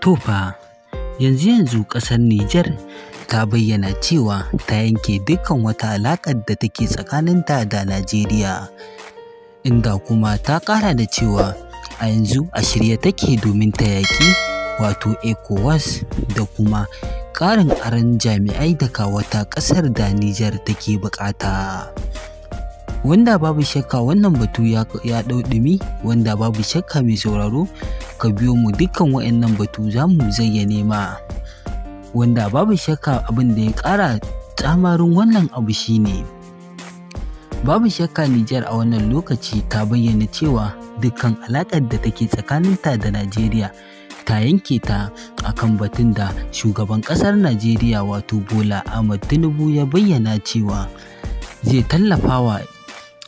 Tofa, yanzu yanzu ƙasar Nijar ta bayyana cewa ta yanke dukkan wata alaƙar da take tsakaninta da Najeriya, inda kuma ta ƙara da cewa a yanzu a shirye take domin ta yaƙi wato ECOWAS da kuma ƙarin aron jami'ai daga wata ƙasar da Nijar take buƙata. Wanda babu shakka wannan batu ya ɗau ɗumi wanda babu shakka mai sauraro ka biyo mu dukkan wayannan batu za mu zayyane ma wanda babu shakka abin da ya ƙara tsamarin wannan abu shine babu shakka Nijar a wannan lokaci ta bayyana cewa dukkan alaƙar da take tsakaninta da Najeriya ta yanke ta akan batun da shugaban ƙasar Najeriya wato Bola Ahmad Tinubu ya bayyana cewa zai tallafawa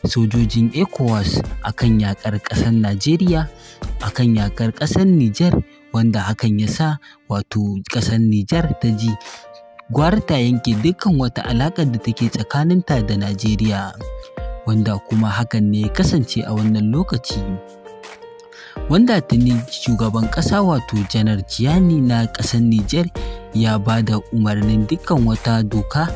sojojin ECOWAS akan yakar ƙasar Najeriya akan yakar ƙasar Nijar wanda hakan ya sa wato ƙasar Nijar ta ji gwara ta yanke dukkan wata alaƙar da take tsakaninta da Najeriya wanda kuma hakan ne ya kasance a wannan lokaci. Wanda tuni shugaban ƙasa wato janar Jiyani na ƙasar Nijar ya ba da umarnin dukkan wata doka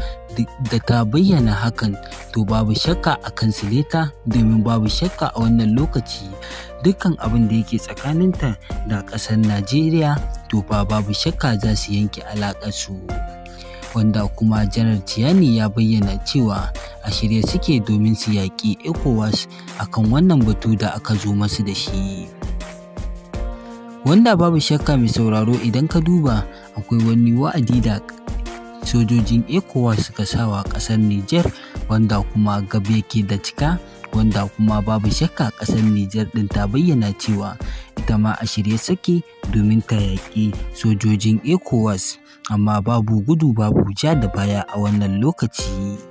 da ta bayyana hakan to babu shakka a kan sileta domin babu shakka a wannan lokaci dukkan abin da yake tsakaninta da ƙasar najeriya to ba babu shakka za su yanke su. wanda kuma janar tiyani ya bayyana cewa a shirye suke domin su yaƙi ecowas akan wannan batu da aka zo masu da shi. wanda babu shakka mai sauraro idan ka duba akwai wani wa'adi da sojojin ecowas suka sawa ƙasar niger wanda kuma gab ke da cika wanda kuma babu shakka ƙasar niger ɗin ta bayyana cewa ita ma a shirye sake domin ta yaƙi sojojin ecowas amma babu gudu babu ja da baya a wannan lokaci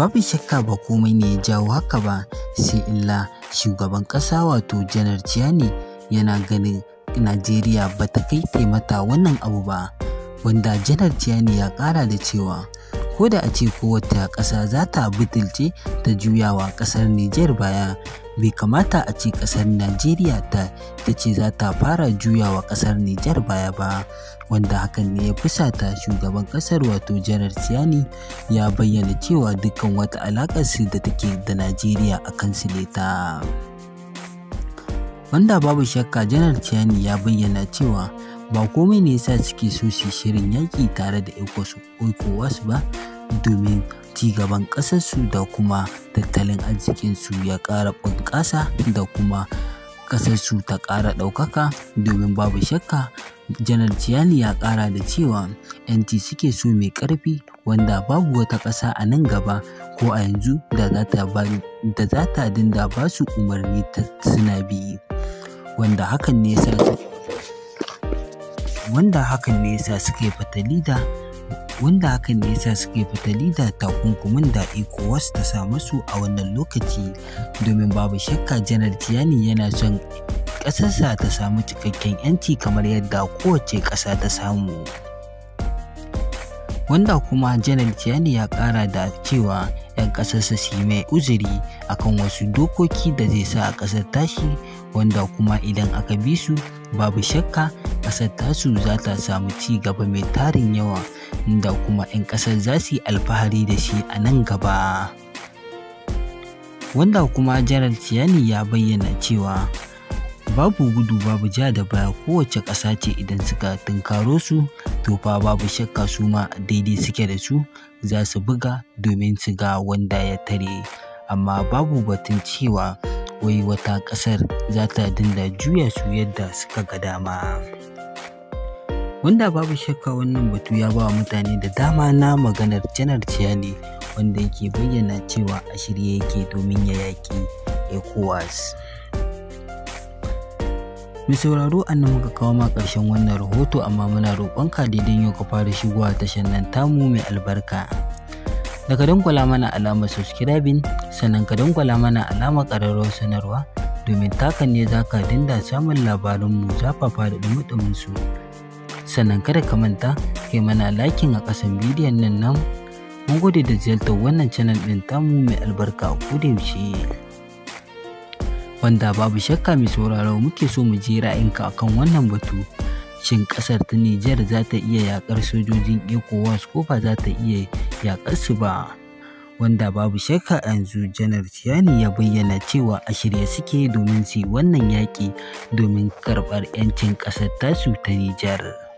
babu shakka ba komai ne ya jawo haka ba sai illa shugaban ƙasa wato janar ciyani yana ganin Najeriya ba ta kai taimata wannan abu ba wanda janar Tiani ya kara da cewa ko da a ce kowace ƙasa za ta butulce ta juyawa ƙasar Nijar baya bai kamata a ce ƙasar Najeriya ta ta ce za ta fara juyawa ƙasar Nijar baya ba wanda hakan ne ya fusata shugaban ƙasar wato janar Tiani ya bayyana cewa dukkan wata alaƙar su da take da Najeriya a kan ta. wanda babu shakka janar ciyani ya bayyana cewa ba komai ne yasa suke so su shirin yaƙi tare da ECOWAS ba domin ci gaban ƙasarsu da kuma tattalin arzikinsu ya ƙara bunƙasa da kuma ƙasarsu ta ƙara ɗaukaka domin babu shakka janar ciyani ya ƙara da cewa yanci suke so mai ƙarfi wanda babu wata ƙasa a nan gaba ko a yanzu da za ta dinda ba su umarni ta suna biyu. wanda hakan ne wanda hakan ne suke fatali da wanda hakan ne suke takunkumin da ECOWAS ta sa masu a wannan lokaci domin babu shakka janar Tiyani yana son ƙasarsa ta samu cikakken 'yanci kamar yadda kowace ƙasa ta samu. wanda kuma janar Tiyani ya ƙara da cewa 'yan ƙasarsa su yi mai uzuri akan wasu dokoki da zai sa a ƙasar tashi wanda kuma idan aka bi su babu shakka ƙasar tasu za ta samu ci gaba mai tarin yawa inda kuma 'yan ƙasar za su yi alfahari da shi a nan gaba wanda kuma janar ciyani ya bayyana cewa babu gudu babu ja da baya kowace ƙasa ce idan suka tunkaro su to fa babu shakka su ma daidai suke da su za su buga domin su ga wanda ya tare amma babu batun cewa wai wata ƙasar za ta dinda juya su yadda suka ga dama wanda babu shakka wannan batu ya ba wa mutane da dama na maganar janar ciyani wanda yake bayyana cewa a shirye yake domin ya yaƙi ecowas mai sauraro an nan muka kawo ma ƙarshen wannan rahoto amma muna roƙonka daidai yau ka fara shigowa tashar nan tamu mai albarka da ka dangwala mana alamar subscribing sannan ka dangwala mana alamar ƙararrawar sanarwa domin takan ne za ka dinda samun labarinmu zafafa da dumudumin su sannan kada ka manta kai mana lakin a ƙasan bidiyon nan nan mun gode da ziyartar wannan channel ɗin tamu mai albarka a yaushe. wanda babu shakka mai sauraro muke so mu ji ra'ayinka akan wannan batu shin ƙasar ta Nijar za ta iya yaƙar sojojin ECOWAS ko ba za ta iya yaƙar su ba. Wanda babu shakka yanzu Janar Tiani ya bayyana cewa a shirye suke domin su wannan yaƙi domin karɓar 'yancin ƙasar tasu ta Nijar.